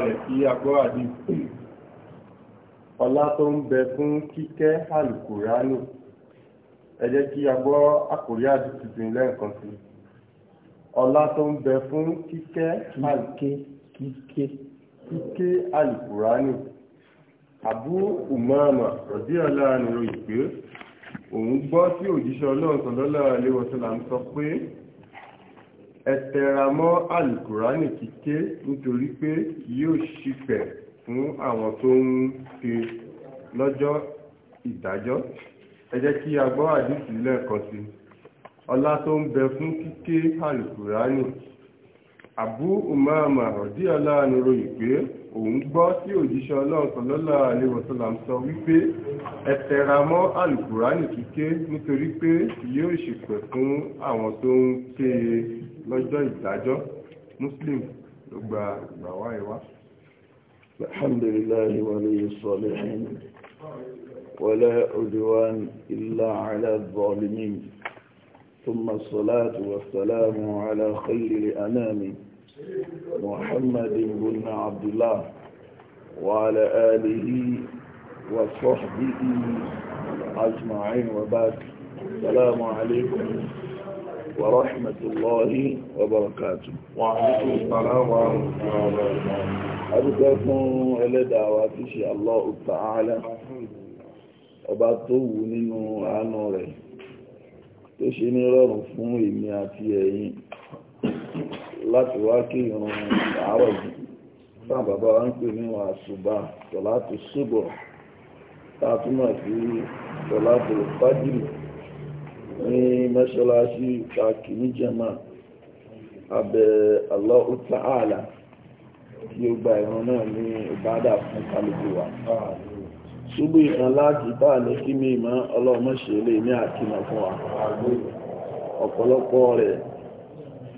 rẹ̀ kí agbọ́ àdí ọlá tó ń bẹ fún kíkẹ́ alùkùránì ẹ jẹ́ kí agbọ́ àkórí àdí tuntun lẹ́ẹ̀kan sí ọlá tó ń bẹ fún kíkẹ́ kíkẹ́ kíkẹ́ alùkùránì àbú umama rọ̀dí ọlá nìròyìn pé òun gbọ́ sí òjíṣẹ́ ọlọ́run sọ̀lọ́lá ilé wọ́sọ̀lá ń sọ pé ẹ tẹra mọ́ àlùkùránì kíké nítorí pé yóò ṣìpẹ̀ fún àwọn tó ń pe lọ́jọ́ ìdájọ́ ẹ kí a gbọ́ àdìsí lẹ́ẹ̀kan sí ọlá tó ń bẹ fún kíké àlùkùránì Abu Umama rọ̀díọ̀lá níròyìn pé òun gbọ́ tí òjíṣẹ́ ọlọ́run sọlọ́lá àlewọ̀sọ́là ń sọ wípé ẹ tẹra mọ́ àlùkùránì kíké nítorí pé yóò ṣèpẹ̀ fún àwọn tó ń ké e lọ́jọ́ ìdájọ́ muslim ló gba ìgbàwá ìwá. alhamdulillahi waliyyi salihin wala udwan illa ala zalimin thumma salatu wassalamu ala khayril anami. محمد بن عبد الله وعلى آله وصحبه أجمعين وبعد السلام عليكم ورحمة الله وبركاته وعليكم السلام ورحمة الله وبركاته أبقاكم إلى دعوات إن الله تعالى ọba tó wù nínú àánú rẹ̀ tó láti wá kí ìrun àárọ̀ yìí táwọn bàbá wa ń pè ní àṣùbà tọ̀látù ṣùbọ̀ tá a túmọ̀ sí ní mẹ́ṣọ́láṣí kàkì ní jẹ́mà abẹ́ Allahu Ta'ala tí ó gba náà ní ìbádà fún kálukú wa ṣubú ìkan láti bá ní kí mi ní àkínà fún wa ọ̀pọ̀lọpọ̀ rẹ̀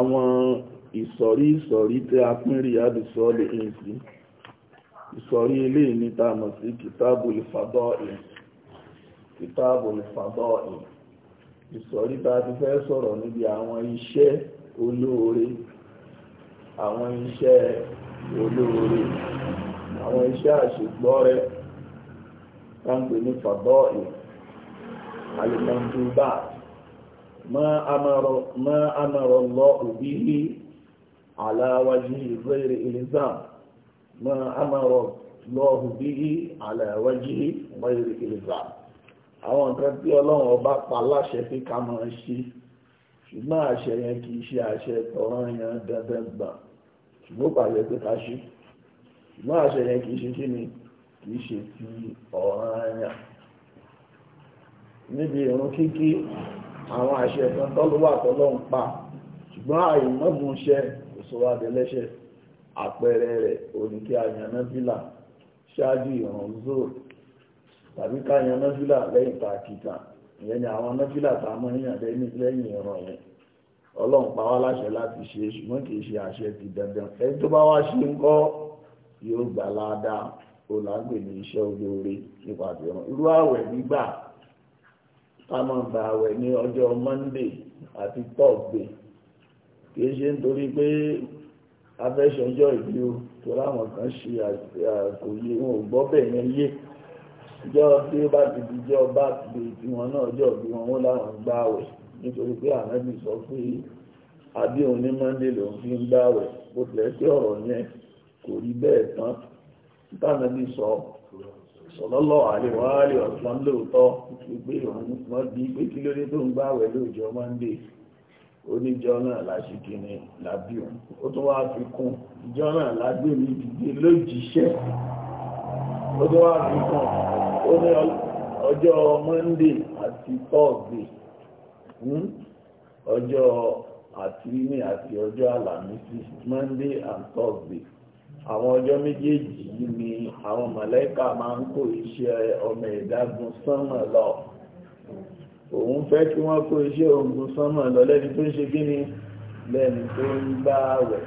àwọn ìsọ̀rí ìsọ̀rí tí a pín rí àdìsọ́lẹ̀ ìsí ìsọ̀rí ilé ìníta mọ̀ sí kìtàbùl fadọ́ọ̀lì kìtàbùl fadọ́ọ̀lì ìsọ̀rí bá ti fẹ́ sọ̀rọ̀ níbi àwọn iṣẹ́ olóore àwọn iṣẹ́ olóore àwọn iṣẹ́ àṣegbọ́rẹ́ táǹpẹ̀ ní fadọ́ọ̀lì alìmọ̀dúbáà ما أمر ما أمر الله به على وجه غير إلزام ما أمر الله به على وجه غير إلزام àwọn nǹkan tí ọlọ́run ọba pa láṣẹ pé ká máa ṣe ṣùgbọ́n àṣẹ yẹn kì í ṣe àṣẹ tọ̀ràn yẹn dandan gbà ṣùgbọ́n pàṣẹ pé ká ṣe ṣùgbọ́n àṣẹ yẹn kì í ṣe kí ni kì í ṣe ti ọ̀ràn yẹn níbi ìrun kíkí àwọn àṣẹ kan tọ́lọ́wà tọ́lọ́hun pa ṣùgbọ́n àìmọ́múṣẹ́ kò sọ wá dẹlẹ́ṣẹ̀ àpẹẹrẹ rẹ̀ òní kí a yan náfìlà ṣáájú ìrun zoro tàbí ká yan náfìlà lẹ́yìn tàkìtà ìyẹn ni àwọn náfìlà tá a mọ́ yàn lẹ́yìn ìrun yẹn ọlọ́run pa wá láṣẹ láti ṣe ṣùgbọ́n kì í ṣe àṣẹ ti dandan ẹni tó bá wá ṣe ń kọ́ yóò gbà ládàá ó lágbè ní iṣẹ́ olóore nípa ìrun irú àwẹ̀ gbígbà ká máa gba àwẹ̀ ní ọjọ́ monday àti thursday kì í ṣe nítorí pé afẹ́ṣọjọ́ ìlú tó láwọn kan ṣe àkòyé wọn ò gbọ́ bẹ̀ yẹn yé ìjọ tí ó bá ti dijọ́ bá ti di tiwọn náà jọ bí wọn ó láwọn gba àwẹ̀ nítorí pé ànábì sọ pé àbí ní monday lòun fi ń gba àwẹ̀ bó tilẹ̀ sí ọ̀rọ̀ yẹn kò rí bẹ́ẹ̀ tán tánàbì sọ sọ̀lọ́lọ́ àlewàálì ọ̀sán lóòótọ́ gbé òun wọ́n bí pé kí ló dé tó ń gbáwẹ̀ lóòjọ́ monday oníjọ́ náà láṣìkí ni làbí òun ó tún wá fi kún ìjọ́ náà lágbé mi dìde lójíṣẹ́ ó tún wá fi kún ó ní ọjọ́ monday àti thursday hmm? ọjọ́ àti ní àti ọjọ́ àlàmísì monday and thursday àwọn ọjọ́ méjèèjì yìí ni àwọn mọ̀lẹ́kà máa ń kó iṣẹ́ ọmọ ìdágun sánmà lọ òun fẹ́ kí wọ́n kó iṣẹ́ ogun sánmà lọ lẹ́ni tó ń ṣe kí ni lẹ́ni tó ń bá wẹ̀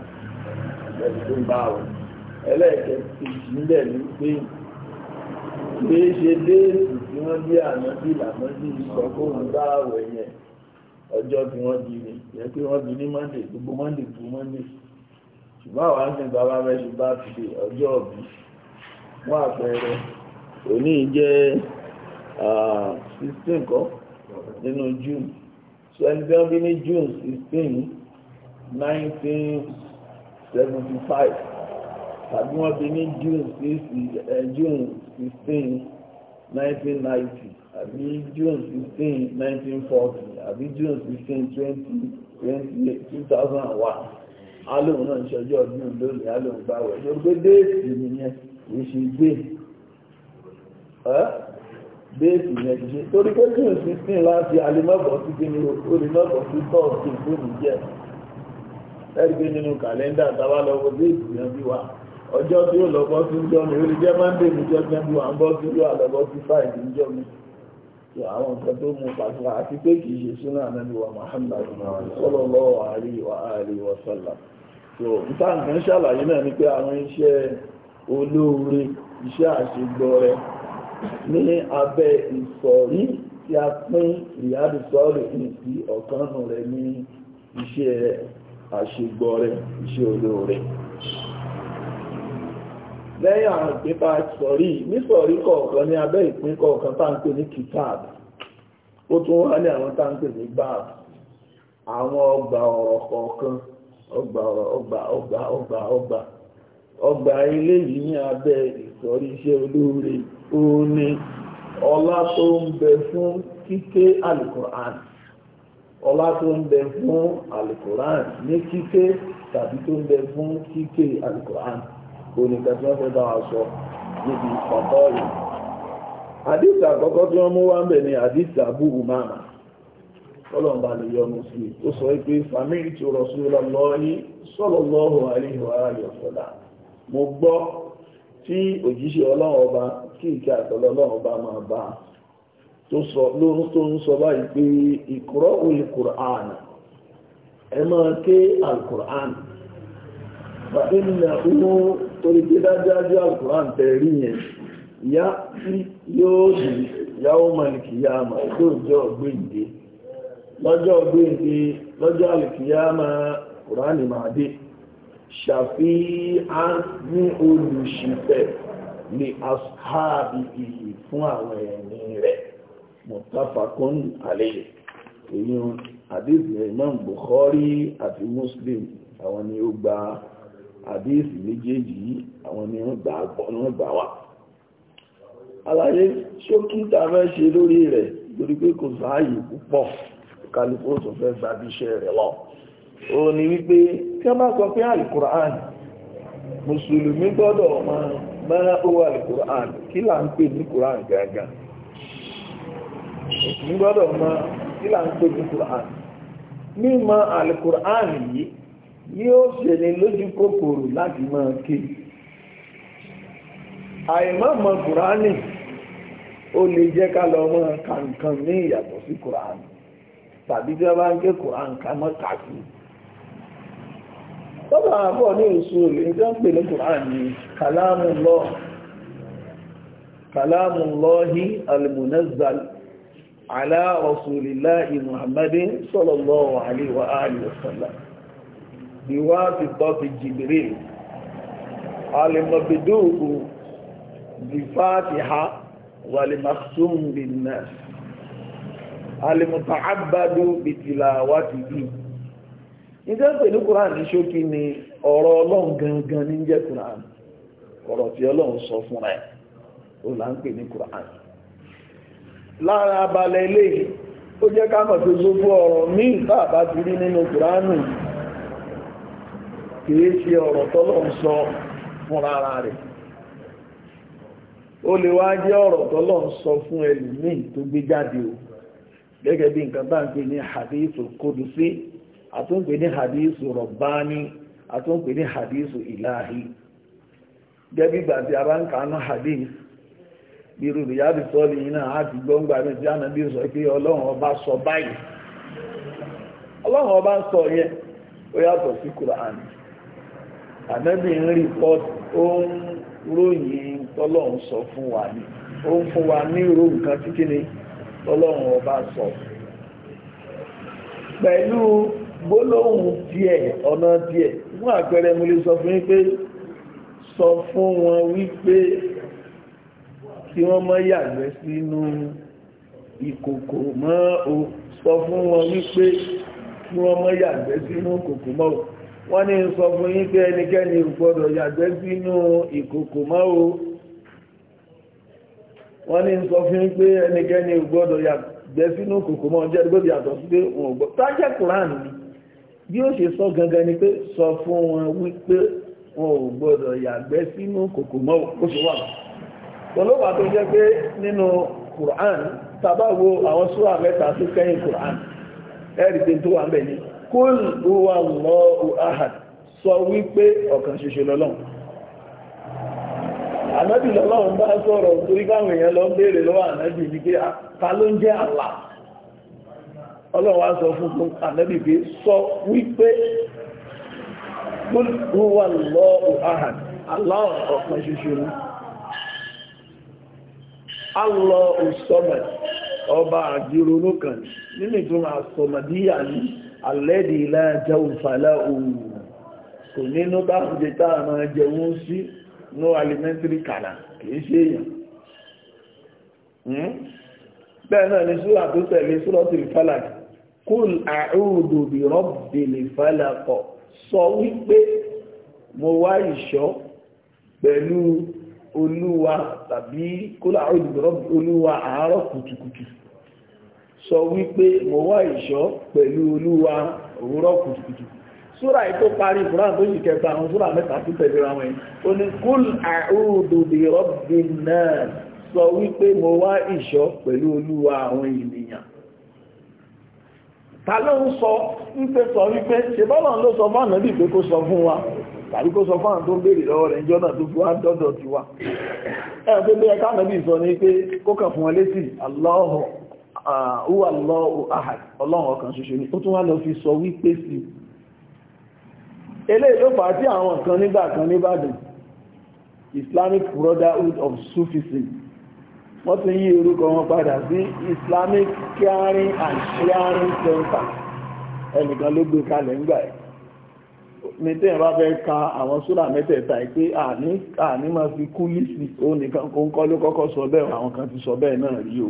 lẹ́ni tó ń bá wẹ̀ ẹlẹ́ẹ̀kẹ́ ti sílẹ̀ ní pé kì í ṣe déètì tí wọ́n bí ànábì lànábì sọ kó ń bá wẹ̀ yẹn ọjọ́ tí wọ́n di ni yẹ pé wọ́n di ní monday gbogbo monday tó monday ṣùgbọ́n àwọn àṣẹ bàbá mẹ́ṣù bá ti ṣe ọjọ́ ọ̀bí wọ́n àpẹẹrẹ òní jẹ́ sixteen kọ́ nínú June so ẹni tí wọ́n bí ní June sixteen nineteen seventy five tàbí wọ́n bí ní June sixteen nineteen ninety àbí June sixteen nineteen forty àbí June sixteen twenty twenty two thousand and one alóhùn náà ń ṣe ọjọ́ ọdún lónìí alóhùn gbà wẹ̀ ló gbé déètì nìyẹn kì ṣe gbé déètì yẹn kì ṣe torí pé june sixteen láti alimọ́bọ̀ sí kí ni olùmọ́bọ̀ sí tọ́ọ̀sì lónìí jẹ́ ẹ̀rí pé nínú kàlẹ́ndà tábà lọ́wọ́ déètì yẹn bí wà ọjọ́ tí ó lọ́bọ́ sí jọ́ mi ó lè jẹ́ mándé níjọ́ tí wọ́n bí wà ń bọ́ sí yóò àlọ́bọ́ sí fáìlì níjọ́ mi àwọn nǹkan tó mú pàtàkì àti pé kìí ṣe súnà ànábì wa Muhammad sallallahu alaihi wa alihi wa sallam so nípa nǹkan ṣàlàyé náà ni pé àwọn iṣẹ́ olóore iṣẹ́ àṣegbọrẹ ní abẹ́ ìsọ̀rí tí a pín ìyáàdì sọ́ọ̀rì ní sí ọ̀kanù rẹ̀ ní iṣẹ́ àṣegbọrẹ iṣẹ́ olóore. lẹ́yìn àwọn ìgbébà sọ̀rí ní sọ̀rí kọ̀ọ̀kan ní abẹ́ ìpín kọ̀ọ̀kan táǹkì ní kitab ó tún wá ní àwọn táǹkì ní bab àwọn ọgbà ọ̀rọ̀ kọ̀ọ̀kan ọgbà ọgbà ọgbà ọgbà ọgbà ọgbà yìí ní abẹ́ ìsọ̀rí iṣẹ́ olóore ọlá tó ń bẹ fún kíké ọlá tó ń bẹ fún ní kíké tàbí tó ń oníkan tí nke fẹ́ bá wa sọ níbi ọ̀tọ́ yìí akọkọ àkọ́kọ́ tí wọ́n mú wá ń bẹ̀ ni àdìsí lè yọ ọmọ sí ó sọ pé fàmílì tí ó rọ̀ sí ọlọ́lọ́rí sallallahu alaihi wa mo tí ọba kí ọba máa bá tó ń sọ báyìí pé ẹ al-Qur'an fàílẹ̀ inú torí pé dájájú alkùnrán tẹ̀rí yẹn yá sí yóò dì yáwó malikiyama lóòjọ́ gbéǹde lọ́jọ́ gbéǹde lọ́jọ́ alkiyama kùránì máa dé ṣàfihàn ní olùṣìfẹ́ lè aṣáàbì ìyí fún àwọn ẹ̀mí rẹ̀ mọ̀tàfàkún àlẹ́ èyí àdéhùn Imam Bukhari àti Muslim àwọn ni ó gba àdéhìsì méjèèjì yìí àwọn ni wọ́n gbà wá àlàyé ṣókí tá a fẹ́ ṣe lórí rẹ̀ lórí pé kò sáàyè púpọ̀ kálífóòtù fẹ́ gbàbí iṣẹ́ rẹ̀ lọ ó ní wípé tí wọ́n bá sọ pé alukur'an mùsùlùmí gbọ́dọ̀ máa máa ó alukur'an kí là ń pè ní kur'an gàgà mùsùlùmí gbọ́dọ̀ máa kí là ń pè ní yóò ṣe ni lójú kòkòrò láti máa ké àìmọ̀mọ̀ kùránì ó lè jẹ́ ká lọ mọ́ kankan ní ìyàtọ̀ sí kùránì tàbí tí wọ́n bá ń ké kùránì ká mọ́ kàkí tọ́lá àbọ̀ ní oṣù olè tí wọ́n pè ní kùránì kàlámù lọ kàlámù lọ́hí almunazzal ala rasulillahi muhammadin sallallahu alaihi wa wa biwasitati Jibril alimabiduhu bifatiha walimaksum binnas alimutaabadu bitilawatihi nígbà pẹ̀lú Qur'an ní ṣókí ni ọ̀rọ̀ ọlọ́run gangan ní jẹ́ Qur'an n'i tí ọlọ́run sọ fúnra ẹ̀ ó là ń pè ní Qur'an lára abalẹ̀ ilé ó jẹ́ ká kìí ṣe ọ̀rọ̀ tọ́lọ̀ nsọ sọ fún ara rẹ̀ ó lè wá jẹ́ ọ̀rọ̀ tọ́lọ̀ ń fún ẹlòmíì tó gbé jáde o gẹ́gẹ́ bí nǹkan bá ń pè ní hadithu kudusi àtúnpè ní hadithu rabbani àtúnpè ní hadithu ilahi gẹ́bí ìgbà tí hadith irú ìyáàbí yìí náà ti mi tí ànábì ọba sọ báyìí ọlọ́run ọba sọ ó yàtọ̀ sí ànábì ń rìpọ́tù ó ń ròyìn tọ́lọ́run sọ fún wa ni ó ń fún wa ní irú nǹkan títí ni tọ́lọ́run ọba sọ pẹ̀lú gbólóhùn díẹ̀ ọ̀nà díẹ̀ fún àpẹẹrẹ mo lè sọ fún yín pé sọ fún wọn wípé kí wọ́n má yàgbẹ́ sínú ìkòkò mọ́ o sọ fún wọn wípé kí wọ́n má yàgbẹ́ sínú ìkòkò mọ́ o wọ́n ní sọ fún yín pé ẹnikẹ́ni gbọ́dọ̀ yàgbẹ́ sínú ìkòkò mọ́ o wọ́n ní sọ fún yín pé ẹnikẹ́ni gbọ́dọ̀ yàgbẹ́ sínú ìkòkò mọ́ jẹ́ gbọ́dọ̀ yàtọ̀ sí pé wọn gbọ́ tájẹ́ Quran ni bí ó ṣe sọ gangan ni pé sọ fún wọn wípé wọn ò gbọ́dọ̀ yàgbẹ́ sínú ìkòkò mọ́ ó ṣe wà pọ̀lọ́pàá tó jẹ́ pé nínú Quran tàbá wo àwọn súrà mẹ́ta tó kẹ́yìn Quran ẹ̀rì pé tó wà ń kúl huwa Allahu ahad sọ wípé ọ̀kan ṣoṣo lọ́lọ́run ànábì lọ́lọ́run bá sọ̀rọ̀ torí káwọn èèyàn lọ béèrè lọ́wọ́ ànábì ní pé ah, ta ló ń jẹ́ àlà ọlọ́run sọ fún fún pé sọ wípé aláwọ̀ ọba kan nínú ní alẹ́dì ilá jẹun fàlá òun kò nínú táàmùdé táàmà jẹun sí no alimentary kàlà kìí ṣe èèyàn hmm? bẹ́ẹ̀ náà ni súra tó tẹ̀lé súra tó lè fàlà kúl àrùdò bí rọ́bì lè fàlà kọ̀ sọ wípé mo wá ìṣọ́ pẹ̀lú olúwa tàbí kúl àrùdò bí rọ́bì olúwa àárọ̀ kùtùkùtù sọ wípé mo wá ìṣọ́ pẹ̀lú olúwa òwúrọ̀ kùtùkùtù súrà yìí tó parí ìfúra tó yìí kẹta àwọn súrà mẹ́ta tó tẹ̀lé ra wọn yìí ó ní kúl àrùdù bí rọ́bì náà sọ wípé mo wá ìṣọ́ pẹ̀lú olúwa àwọn ènìyàn ta ló ń sọ wípé sọ wípé ṣèbọ́lọ̀ ló sọ fún ànábì pé kó sọ fún wa tàbí kó sọ fún àwọn tó ń béèrè lọ́wọ́ rẹ̀ ìjọ náà tó fi wá tiwa ẹ̀ pé bí ẹ ká ànábì sọ ni pé kó kàn fún wọn létí Allahu huwa Allahu ahad ọlọ́run ọ̀kan ṣoṣo ni ó tún wá lọ fi sọ wípé sí eléyìí ló fà á tí àwọn kan nígbà kan nìbàdàn Islamic Brotherhood of Sufism wọ́n ti yí orúkọ wọn padà sí Islamic Caring and Sharing Center ẹnìkan ló gbé kalẹ̀ ńgbà ẹ̀ ní tí ẹ̀ bá fẹ́ ka àwọn sóra mẹ́tẹ̀ẹ̀ta ẹ̀ pé àní máa fi kú lísì òun nìkan kó ń kọ́ ló kọ́kọ́ sọ bẹ́ẹ̀ àwọn kan ti sọ bẹ́ẹ̀ náà rí o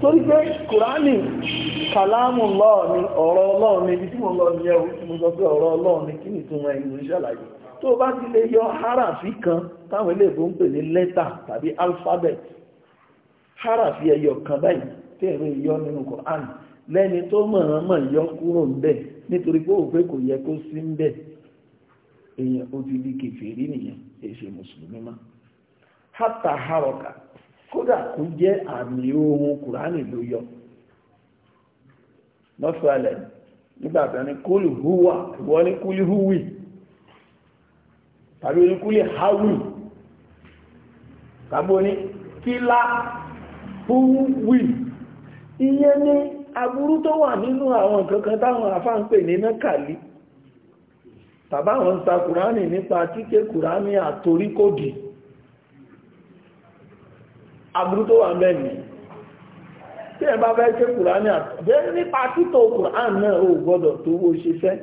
torí pé kùránì kàlámù Ọlọ́run ni ọ̀rọ̀ Ọlọ́run ni ibi tí mo lọ ní ẹwù tí mo sọ pé ọ̀rọ̀ kí ni tó tó bá ti yọ harafi kan táwọn eléèbó ń pè ní tàbí alphabet harafi ẹyọ kan báyìí yọ nínú kùránì lẹ́ni tó mọ̀ọ́mọ̀ yọ kúrò ń nítorí pé òfé kò yẹ kó sí ń bẹ̀ èèyàn ó ti di kèfèrí nìyẹn mùsùlùmí kódà kó jẹ́ àmì ohun kùránì ló yọ lọ́sọ̀ọ̀lẹ̀ nígbàtà ní kúlù húwà ìwọ́ ní kúlù húwì tàbí ní kúlù háwì tàbí ní kílá húwì ìyẹn ni aburú tó wà nínú àwọn kankan táwọn afáǹpè ní nákàlí tàbáwọn sa kùránì nípa kíké kùránì àtoríkòdì aburú tó wà mẹ́rin tí ẹ bá fẹ́ ṣe kùránì àtọ́jẹ́ nípa títọ́ kùránì náà ò gbọ́dọ̀ tó owó ṣiṣẹ́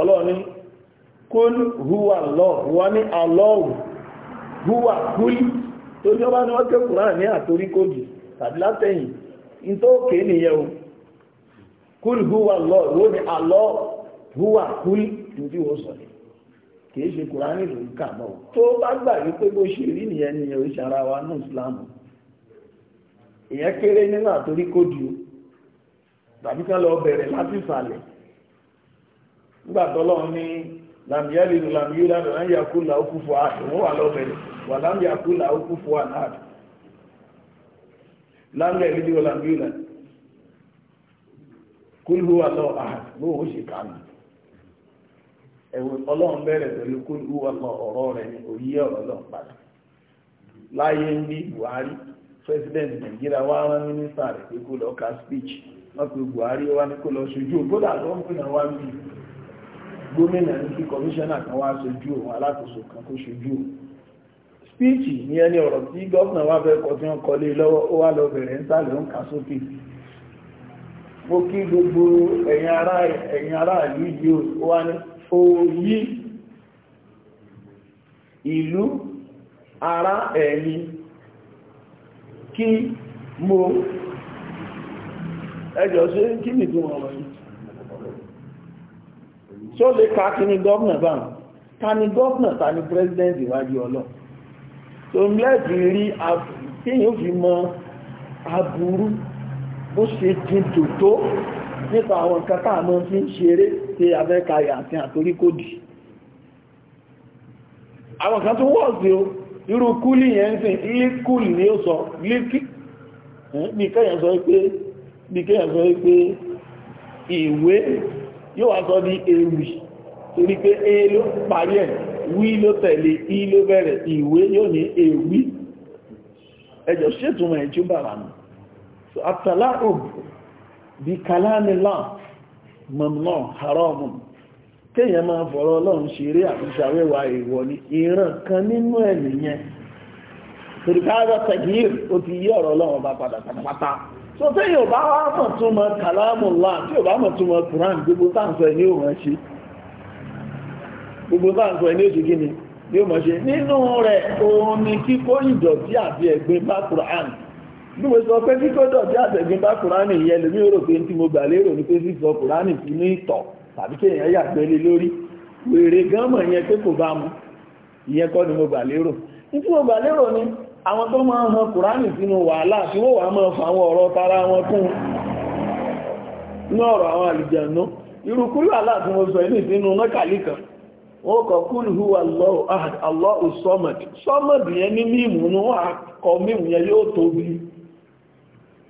ọlọ́ni kún húwà lọ wọ́n ní alọ́wù húwà kúlì tó ní ọba ní wọ́n ké àtorí tàbí látẹ̀yìn ní tó kéè lọ wọ́n ní alọ́wù húwà kìí ṣe kùránì lòún kà tó bá gbà wípé bó ṣe rí nìyẹn ni ò ara wa ní ìsìláàmù ìyẹn kéré nínú àtórí kó o tàbí ká lọ bẹ̀rẹ̀ láti ìsàlẹ̀ nígbà ní làmìyẹ́lì ní làmìyẹ́lì wà lọ bẹ̀rẹ̀ wà láńlẹ̀ kúlù wà lọ ewu ọlọ́run bẹ̀rẹ̀ pẹ̀lú kó ọrọ ọmọ ọ̀rọ̀ rẹ̀ ní òye ọ̀rọ̀ lọ padà láyé ń bí Buhari president nigeria wá rán rẹ̀ pé kó lọ ka speech wọ́n Buhari wá ní kó lọ sojú tó ń wá bí gómìnà ní kí kan wá sojú òun alákòóso kan kó sojú òun speech ní ẹni ọ̀rọ̀ tí wá fẹ́ tí wọ́n lọ́wọ́ ó wá lọ gbogbo ẹ̀yin ará ìlú yìí ó oyi ìlú ara ẹ̀mí kí mo ẹjọ́ ṣe kí nìtún ọ̀rọ̀ yìí ṣó lè ká kí ni gọ́ọ̀nà báyìí ta ni gọ́ọ̀nà ta ni president ìwájú ọlọ́ tó ń lẹ́ẹ̀dì rí kíyàn fi mọ aburú bó ṣe jìn tòótó nípa àwọn kátà mọ́ fi ń ṣeré pé abẹ́kayà àti àtorí kò dì àwọn kan tó wọ́ sí o irú kúlì yẹn sí líkúlì ni ó sọ líkí bí kẹ́yàn sọ pé bí kẹ́yàn sọ pé ìwé yóò wá sọ ní ewì torí pé e ló parí ẹ̀ wí ló tẹ̀lé i ló bẹ̀rẹ̀ ìwé yóò ní ewì ẹjọ́ ṣètùmọ̀ ẹ̀jú bàbá mi so àtàlá òbí bí kàlámìlá mọ̀mọ́ haramun kéèyàn máa fọ̀rọ̀ ọlọ́run ṣeré àfihàwẹ́wà èèwọ̀ ni ìran kan nínú ẹ̀ nìyẹn tòríkáàbà tẹ̀gìr ó ti yí ọ̀rọ̀ ọlọ́run ọba padà pátápátá so téèyàn ò bá wá mọ̀ tún mọ kàlámù ńlá tí ò bá mọ̀ tún mọ Quran gbogbo táǹsọ ẹ̀ ní gíní ní òun ṣe nínú rẹ̀ òun ni kíkó ìdọ̀tí àti ẹ̀gbin bá Quran bí mo sọ pé bí kò dọ̀tí àtẹ̀gbìn bá kùránì yẹn lèmi rò pé tí mo gbà lérò ní pé sísọ kùránì ti ní ìtọ̀ tàbí kéèyàn yàgbẹ́ lé lórí wèrè gan mọ̀ yẹn pé kò bá mu ìyẹn kọ́ ni mo gbà lérò mo gbà lérò ni àwọn tó máa ń han kùránì sínú wàhálà tí wọ́n máa fa àwọn ọ̀rọ̀ tara wọn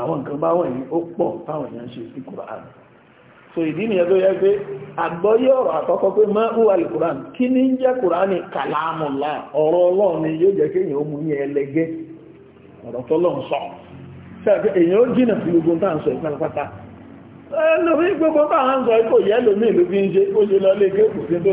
àwọn nǹkan bá wọ̀nyí ó pọ̀ táwọn èèyàn ṣe sí kùránì so ìdí nìyẹn tó yẹ pé àgbọ́yé ọ̀rọ̀ àkọ́kọ́ pé má wà lè kùránì kí ní jẹ́ kùránì kàlámùlá ọ̀rọ̀ ọlọ́run ni yóò jẹ́ kéèyàn ó mú ní ẹlẹgẹ́ ọ̀rọ̀ tọ́lọ́run sọ sẹ́ẹ̀kẹ́ èèyàn ó jìnà sí gbogbo tá à ń sọ ìpínlẹ̀ pátá ẹlòmí gbogbo tá à ń sọ ikọ̀ yẹ́lòmí ìlú fi ń ṣe ó ṣe lọ lé gé kò sí tó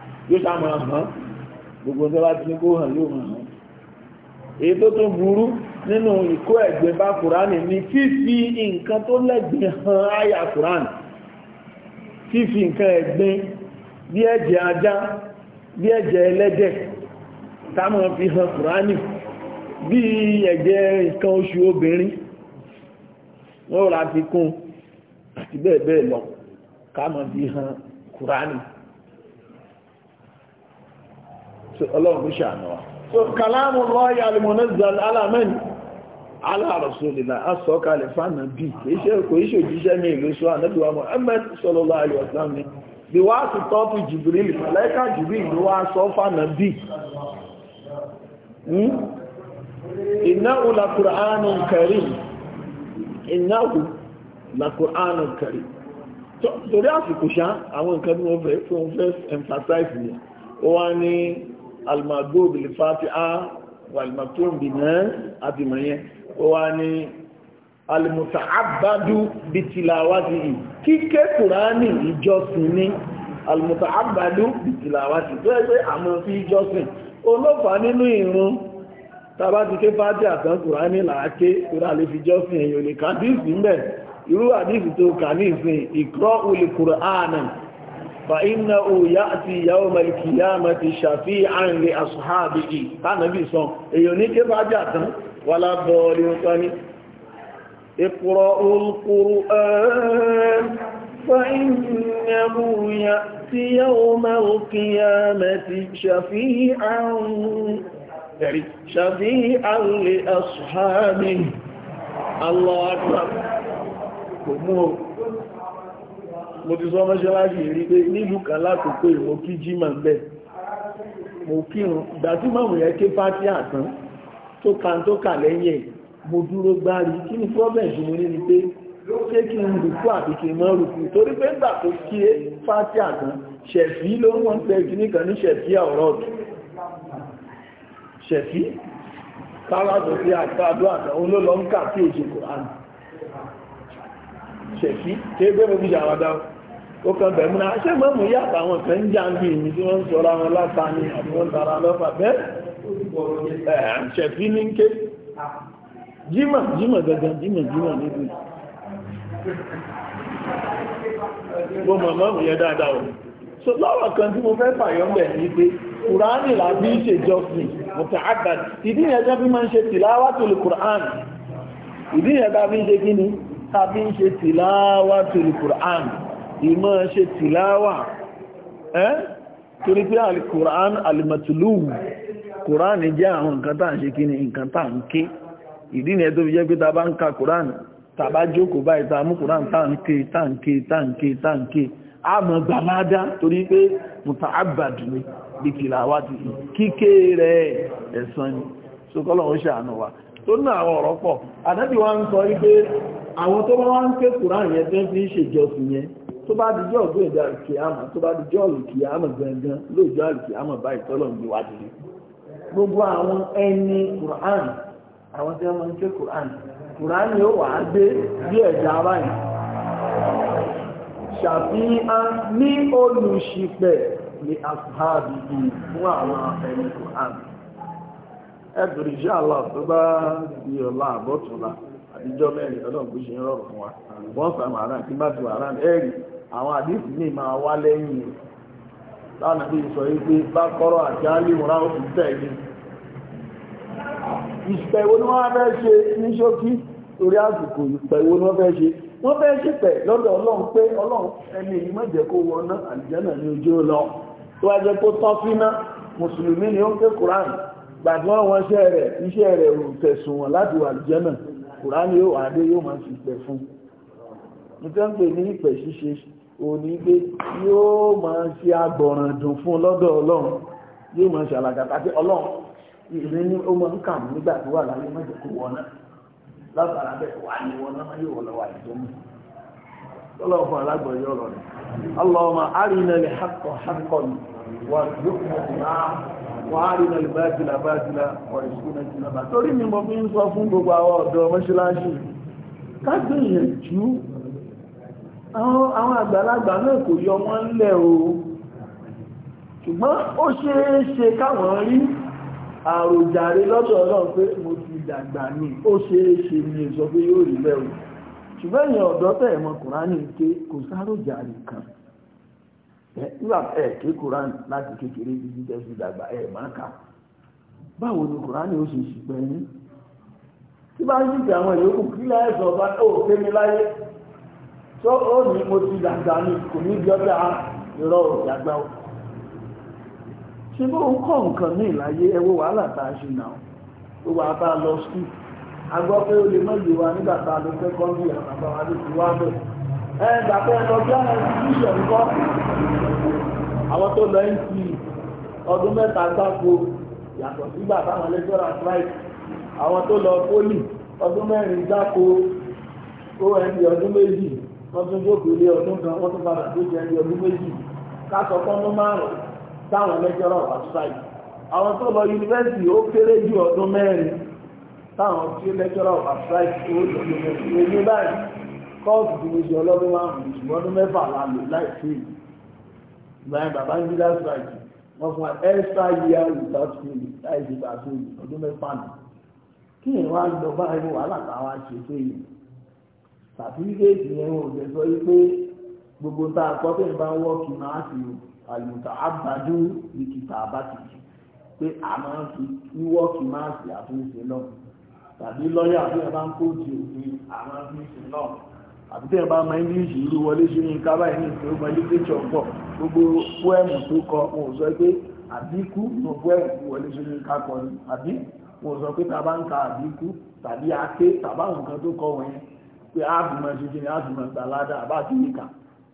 yóò sáàmù àmọ́ gbogbo tó bá ti ní kó hàn yóò hàn án èyí tó tún burú nínú ìkó ẹ̀gbẹ́ bá kùránì ni fífi nǹkan tó lẹ́gbẹ̀ẹ́ hàn áyà kùránì fífi nǹkan ẹ̀gbin bí ẹ̀jẹ̀ ajá bí ẹ̀jẹ̀ ẹlẹ́dẹ̀ táwọn fi hàn kùránì bí ẹ̀jẹ̀ nǹkan oṣù obìnrin wọ́n rà fi kún àti bẹ́ẹ̀ ọlọ́run ní ṣàánú wa so kàlámù lọ́ọ̀yà al-munazzal ala man ala rasulillah asọ́kalẹ̀ fánà bí iṣẹ́ kò iṣẹ́ òjíṣẹ́ ní ìlú sọ ànábíwá Muhammad sallallahu alaihi wasallam ni bí wá sí tọ́pù Jibril màláíkà Jibril ló wá sọ fánà bí hmm? innahu la qur'anun karim innahu la qur'anun karim torí àsìkò ṣá àwọn nǹkan tí wọ́n fẹ́ fún emphasize ni ó ní almagob lifati a walmaktum bina àti mọ̀yẹn ó wá ní almutaabadu bitilawati kíké kùránì ìjọsìn ní almutaabadu bitilawati tó ẹgbẹ́ àmọ́ sí ìjọsìn olófà nínú ìrun tàbá ti ké fàájì àtàn kùránì làáké kúrò àlè fi jọsìn èyàn lè kàdíìsì ń bẹ̀ irú àdíìsì tó kà ní ìsìn ìkọ́ olè kùránì فإنه يأتي يوم القيامة شفيعا لأصحابه كان نبي صلى الله عليه وسلم يونيك أيوة، باجاتا ولا بوليوتاني اقرأوا القرآن فإنه يأتي يوم القيامة شفيعا شفيعا لأصحابه الله أكبر mo ti sọ mọ́ṣáláṣí rí pé nílùú kan lákòókò ìwọ̀n kí jímọ̀ bẹ́ẹ̀ mo kírun ìgbà tí mọ̀mù yẹn ké pátí àtán tó kan tó kà lẹ́yìn ẹ̀ mo dúró gbárí kí ni problem tí mo ní ni pé ṣé kí n rùkú àbí kí n mọ́ rùkú torí pé nígbà tó kí é pátí àtán ṣẹ̀fí ló ń wọ́n pẹ́ kí nìkan ní ṣẹ̀fí ọ̀rọ̀ ṣẹ̀fí tálàtò sí àtàdó àtàwọn ṣẹ̀fí kí é gbé mo fi ṣàwádá ó kàn bẹ̀rẹ̀ múná ṣé mọ́mù yá àtàwọn kan ń jà ń bí ìmì tí wọ́n ń sọ́ra wọn láta ni àbí wọ́n tara lọ́fà bẹ́ẹ̀ ṣẹ̀fí ní ké jímọ̀ jímọ̀ gangan jímọ̀ jímọ̀ níbi gbogbo mọ́mù yẹ dáadáa o so lọ́wọ́ kan tí mo fẹ́ fàyọ́ bẹ̀ ní pé kùránì làbí ìṣèjọsìn mọ̀tà àgbàdì ìdí yẹn jẹ́ bí máa ń ṣe tìláwà tó lè kùránì ìdí yẹn tàbí ń ṣe kí tàbí ń ṣe tìláwà tó kùránì ìmọ̀ ṣe tìláwà ẹ́ torí pé al-Qur'an al Qur'an jẹ́ àwọn nǹkan tàà ń ṣe kí ní nǹkan tàà ń ké ìdí ni ẹ fi jẹ́ pé ta bá ń ka Qur'an tàbá jókòó báyìí ta mú tàà tàà tó ní tó bá di jọ́ ìjà àlùkìyàmọ̀ tó bá di gangan lóòjọ́ báyìí tọ́lọ̀ ń dìde gbogbo àwọn ẹni àwọn tí wọ́n máa ń ké wà á gbé bí ẹ̀dá báyìí ṣàfihàn ní ní fún àwọn ẹni ẹ̀dùrì àlọ́ tó bá di ọ̀la àbọ̀túnla àdíjọ́ mẹ́rin ọlọ́gbọ́n ṣe ń rọrùn fún wa wọ́n ti àwọn àdísì lè máa wá lẹ́yìn lánàá bí sọ wípé bá kọ́rọ̀ àti alìmọ̀ra ó fi tẹ̀lé ìṣẹ̀wò ni wọ́n fẹ́ ṣe ní ṣókí torí àsìkò ìpẹ̀wò ni wọ́n fẹ́ ṣe wọ́n fẹ́ ṣìpẹ̀ lọ́dọ̀ ọlọ́run pé ọlọ́run ẹni ìmọ̀jẹ̀ kó wọná àlìjẹ́nà ní ojú lọ tó wá jẹ́ kó tọ́ síná mùsùlùmí ni ó ń ké kùrán gbàgbọ́n wọn iṣẹ́ rẹ̀ iṣẹ́ rẹ̀ ò tẹ̀sùn wọn láti wà àlìjẹ́nà kùrán yóò wà dé yóò máa ṣìpẹ̀ fún un ní tẹ́ ń òní pé yóò máa ṣe agbọ̀ràn dùn fún lọ́dọ̀ ọlọ́run yóò máa ṣe àlàkàtà pé ọlọ́run ìrìn ní ó máa ń kà mí nígbà tó wà láyé kó náà látara bẹ́ẹ̀ wà ní wọn náà yóò wọ lọ́wọ́ àìjọ ọlọ́run fún ọ̀rọ̀ rẹ̀ ọlọ́run àrínà lè hakọ̀ hakọ̀ ni wà lókùn ọ̀gbìn wà àrínà lè bá àwọn àgbàlagbà náà kò yọ wọ́n lẹ̀ o ṣùgbọ́n ó ṣeé ṣe káwọn rí àròjàre lọ́dọ̀ ọlọ́run pé mo ti dàgbà ní ó ṣeé ṣe ní èso pé yóò rí lẹ́rù ṣùgbọ́n èèyàn ọ̀dọ́ kùránì ké kò sáròjàre kan nígbà ẹ̀ kùránì láti kékeré ni tó ó ní mo ti dàgbà ní kò ní ah, o ṣe bó ń kọ́ nǹkan ní ìláyé wàhálà tá a ṣe náà ó wà bá lọ sí pé ó lè ìlú wa nígbà tá a lọ fẹ́ kọ́ bí àbàbà wa ló ti wá bẹ̀ ẹ gbàgbé ẹ lọ bí àwọn ìṣẹ̀ ń kọ́ àwọn tó lọ ń fi e, ọdún mẹ́ta gbáko yàtọ̀ wọ́n tún jókòó lé ọdún kan wọ́n tún padà tó jẹ́ ní ọdún méjì káṣọ pọ́nú márùn-ún táwọn lẹ́jọ́rọ̀ wá sáyé àwọn tó lọ yunifásitì ó kéré ju ọdún mẹ́rin táwọn tí lẹ́jọ́rọ̀ wá sáyé ó lọ́dún mẹ́rin èmi báyìí kọ́ọ̀sì tí mo ṣe ọlọ́dún márùn-ún ọdún mẹ́fà ìgbà bàbá ń wọ́n fún sàtífíkẹ́ẹ̀tì yẹn wọn ò jẹ́ sọ wípé gbogbo tá a kọ́ pé n bá ń wọ́ kí máa fi àlùtà àbájú ní kìtà àbátì pé a máa fi wíwọ́ kí máa fi àtúnṣe náà tàbí lọ́yà bí ẹ bá ń kó di òfin a máa fi ṣe náà àti tẹ́ ẹ bá mọ english ìlú wọlé ṣe ní kábà ní ìṣòro mọ lítẹ́tọ̀ pọ̀ gbogbo poem tó kọ wọn ò sọ pé àbíkú nù poem wọlé ṣe ní kákọ ni àbí wọn ò sọ pé tá a bá ń ka àbíkú tàbí aké tàbá nǹkan tó kọ wọn yẹn pé áàbùmọ̀ ṣíṣe áàbùmọ̀ gbàládà àbá àti níkà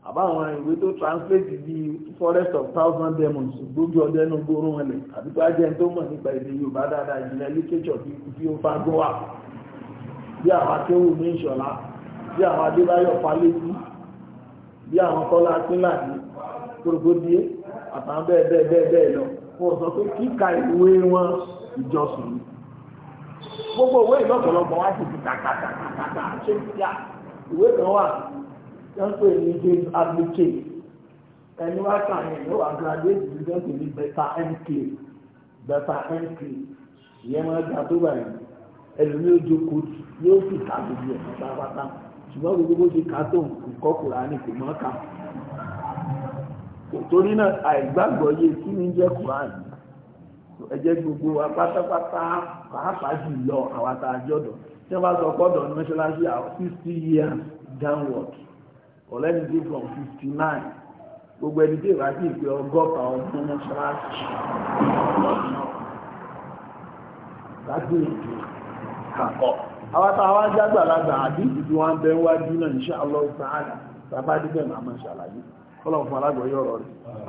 àbá àwọn ìwé tó translate bí forest of thousand demons gbójú ọdẹ inú gbóró wọn lẹ àbí tó ajẹ́ tó mọ̀ nípa èdè Yorùbá dáadáa ìjìnlẹ̀ literature bí fi ó fagbó wà bí àwọn akéwù ní ìṣọ̀lá bí àwọn Adébáyọ̀ Fálétí bí àwọn Kọ́lá Akínlàní Korogodie àtàwọn bẹ́ẹ̀ bẹ́ẹ̀ bẹ́ẹ̀ lọ wọn sọ pé kíka ìwé wọn ìjọsìn gbogbo òwe ìlú ọ̀pọ̀lọpọ̀ wá sí ti kàkàkàkàkà ṣé ti à ìwé kan wà wọ́n pè ní james abuche ẹni wá kà yẹn ló wà graduate ní wọ́n pè ní beta mk beta mk ìyẹn máa ga tó báyìí ẹlòmíì ojú kojú yóò sì ká gbogbo ẹ̀ pátápátá ṣùgbọ́n gbogbo ṣe ká tó nǹkan kùránì kò mọ́ ká torí náà àìgbàgbọ́ yé kí ni jẹ́ kùránì ẹ gbogbo wa pátápátá pàápàá jù àwọn àtàjọ́dọ̀ tí wọ́n bá sọ pọ́dọ̀ ní mọ́ṣáláṣí àwọn years downward from fifty nine gbogbo ẹni tí ìwádìí ìpè ọgọ́ta ọdún mọ́ṣáláṣí lágbé ètò àkọ́ àwọn àtàwọn ajágbàlagbà àdínkù tí wọ́n ń wájú náà insha Allah ta'ala bàbá màmá ṣàlàyé اللهم لا تعير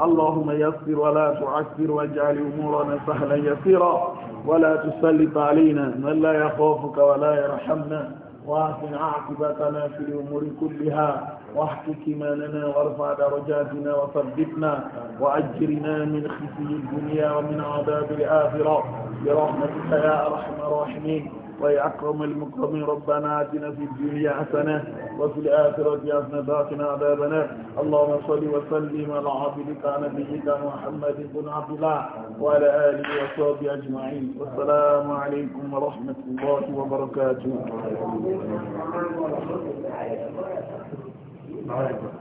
اللهم يسر ولا تعسر واجعل أمورنا سهلا يسيرا ولا تسلط علينا من لا يخافك ولا يرحمنا واثن عاقبتنا في الأمور كلها لنا وارفع درجاتنا وثبتنا وأجرنا من خفي الدنيا ومن عذاب الآخرة برحمتك يا أرحم الراحمين ويا أكرم المكرمين ربنا آتنا في الدنيا حسنة وفي الآخرة حسنة وقنا عذاب النار اللهم صل وسلم على عبدك نبيك محمد بن عبد الله وعلى آله وصحبه أجمعين والسلام عليكم ورحمة الله وبركاته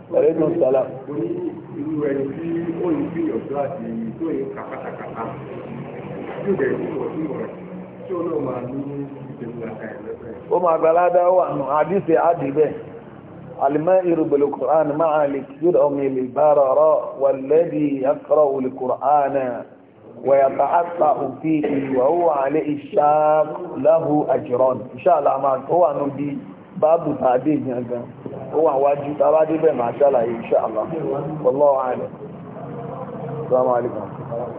عليكم السلام ó máa gbà ládàá wà nù àdìsí àdìbẹ̀ alimẹ́ irúgbẹ̀lẹ̀ kùránì máa lè kí ó mi lè bára rọ wà lẹ́bí akọrọ òlè kùránì wàyàtà àtà òfin ìwà ó wà lé iṣẹ́ láhù àjìrán iṣẹ́ àlàmà tó wà nù bí báàbù tàbí ìyàngán ó wà wájú tàbá máa ṣàlàyé iṣẹ́